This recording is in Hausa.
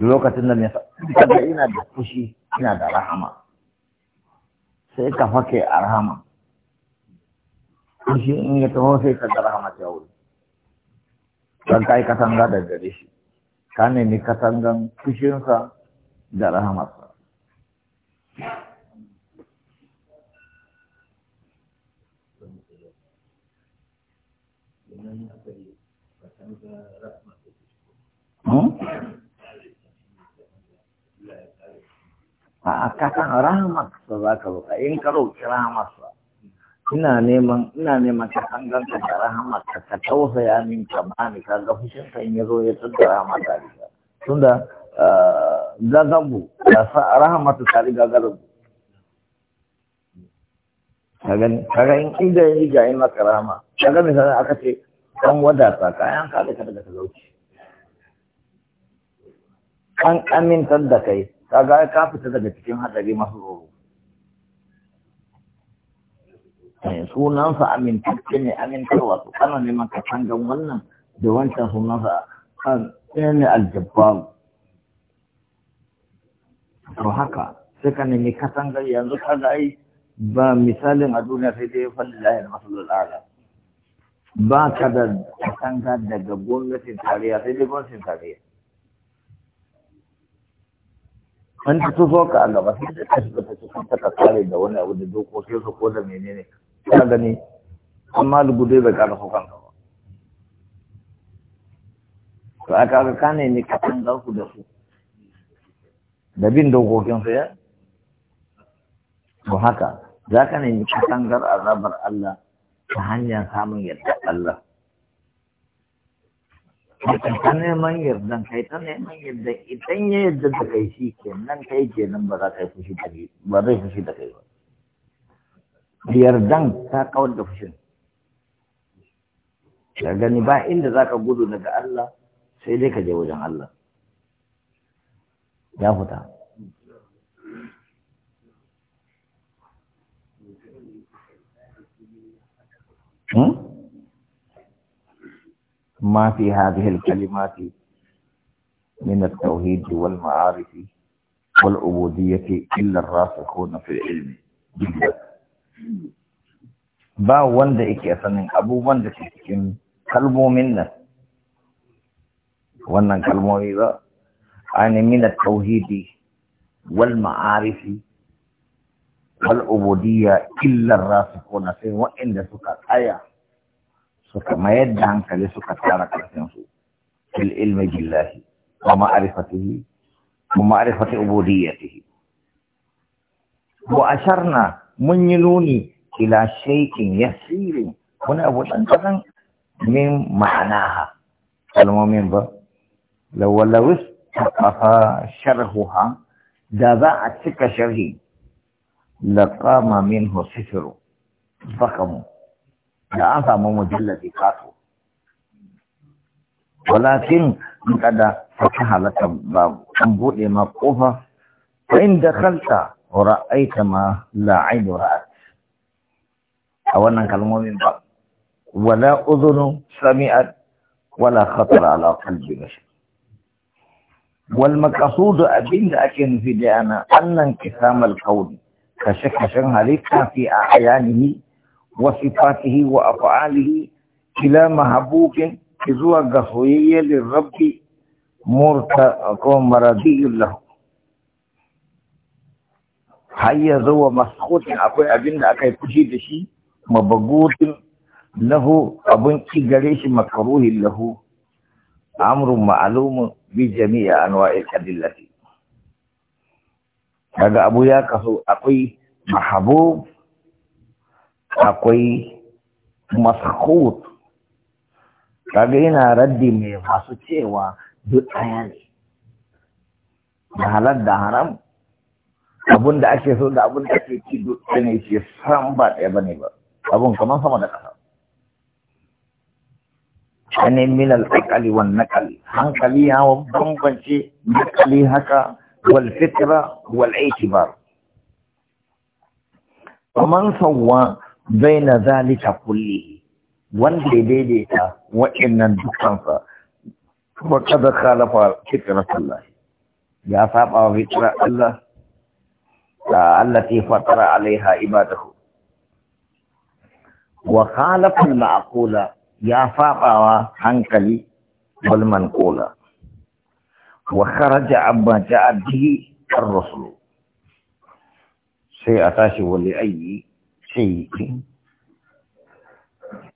lokacin da mai sa, ina da fushi ina da rahama sai ka fake a rahama fushi in ya taho sai ka da rahama ta wuri ka yi katanga da gare shi ka nemi katangan fushinsa da rahamarsa a kasan rahamarsa za ka roƙa in ka roƙi rahamarsa ina neman ina neman ka san ganka da Rahama ka tausaya min ka bani ka ga fushin ka in zo ya tsada rahama ta riga tunda ah, gagabu da Rahama ta riga gagabu ka kaga in inda yi ga yi maka rahama kaga misalin aka ce an wadata kayan ka da ka daga talauci an amintar da kai kaga ka fita daga cikin hadari masu tsoro eh, sunansa amintacce ne amintarwa su kana neman ka cangan wannan da wancan sunansa kan ɗaya ne aljabbar to haka sai ka nemi katanga yanzu kaga ai ba misalin a duniya sai dai fallin lahiyar masalul ala ba ka da katanga daga gwamnatin tarayya sai dai gwamnatin tarayya an ta tuso ka a gaba sai da kashi da cikin ta kare da wani abu da dokokin su ko da menene ka gani amma lugude da kara so kanka ba to aka ga kane ne ka san da su da su da bin dokokin su ya to haka za ka nemi gar azabar Allah ta hanyar samun yadda Allah ta neman yardan kai ta neman yardan idan ya yarda da kai shi ke nan kai ke nan ba za ka yi fushi da kai ba zai fushi da kai ba yardan ta kawar da fushin ka gani ba inda za ka gudu daga Allah sai dai ka je wajen Allah ya fita ما في هذه الكلمات من التوحيد والمعارف والعبودية إلا الراسخون في العلم با وند ايك اسنن ابو وند كين قلبو منا وانا قلبو ايضا عن من التوحيد والمعارف والعبودية إلا الراسخون في وإن سكر آية suka mayar da hankali suka tara karfinsu fil ilmi billahi wa ma'rifatihi wa ma'rifati ubudiyyatihi wa asharna mun yi nuni ila shaykin yasirin wani abu dan kadan min ma'anaha kalmomin ba lawalawis taqafa sharhuha da za a cika sharhi laqama minhu sifru fakamu da an samu mujalladi kato walakin kada fata halatta babu an buɗe ma ƙofa fa in da kalta ra'aita ma la'aidu ra'at a wannan kalmomin ba wala uzunu sami'at wala khatara ala qalbi bashar wal maqsud abinda ake nufi da ana annan kisamal kauni kashe kashen halitta fi ayanihi Wasu fatihin wa alihi, ki da mabakin, ki zuwa ga soyayyar rabti, murta a kan maradu illah. Har ya zama akwai abinda aka yi fushi da shi, mabambotin, lahu bo abun ki gare shi maka lahu lafu. Amurin ma'alumun bi jami'a an waƙe ka Daga abu ya kaso akwai mahabo. akwai maskut kaga yana raddi mai masu cewa duk ɗaya ne da halar da haram abun da ake so da abun da ake ci duk ɗaya ne ke san ba ɗaya ba ne ba abun kamar sama da ƙasa shani min al'akali wan nakali hankali ya bambance nakali haka wal fitra wal itibar Kaman سوى baina zalika kulli wanda ya daidaita wa'annan dukansa kuma kada khalafa fitra Allah ya saba wa fitra Allah da allah allati fatara alaiha ibadahu wa khalafa al-ma'qula ya wa hankali wal manqula wa kharaja abba ja'a bihi ar-rasul sai a tashi wali ayyi s C。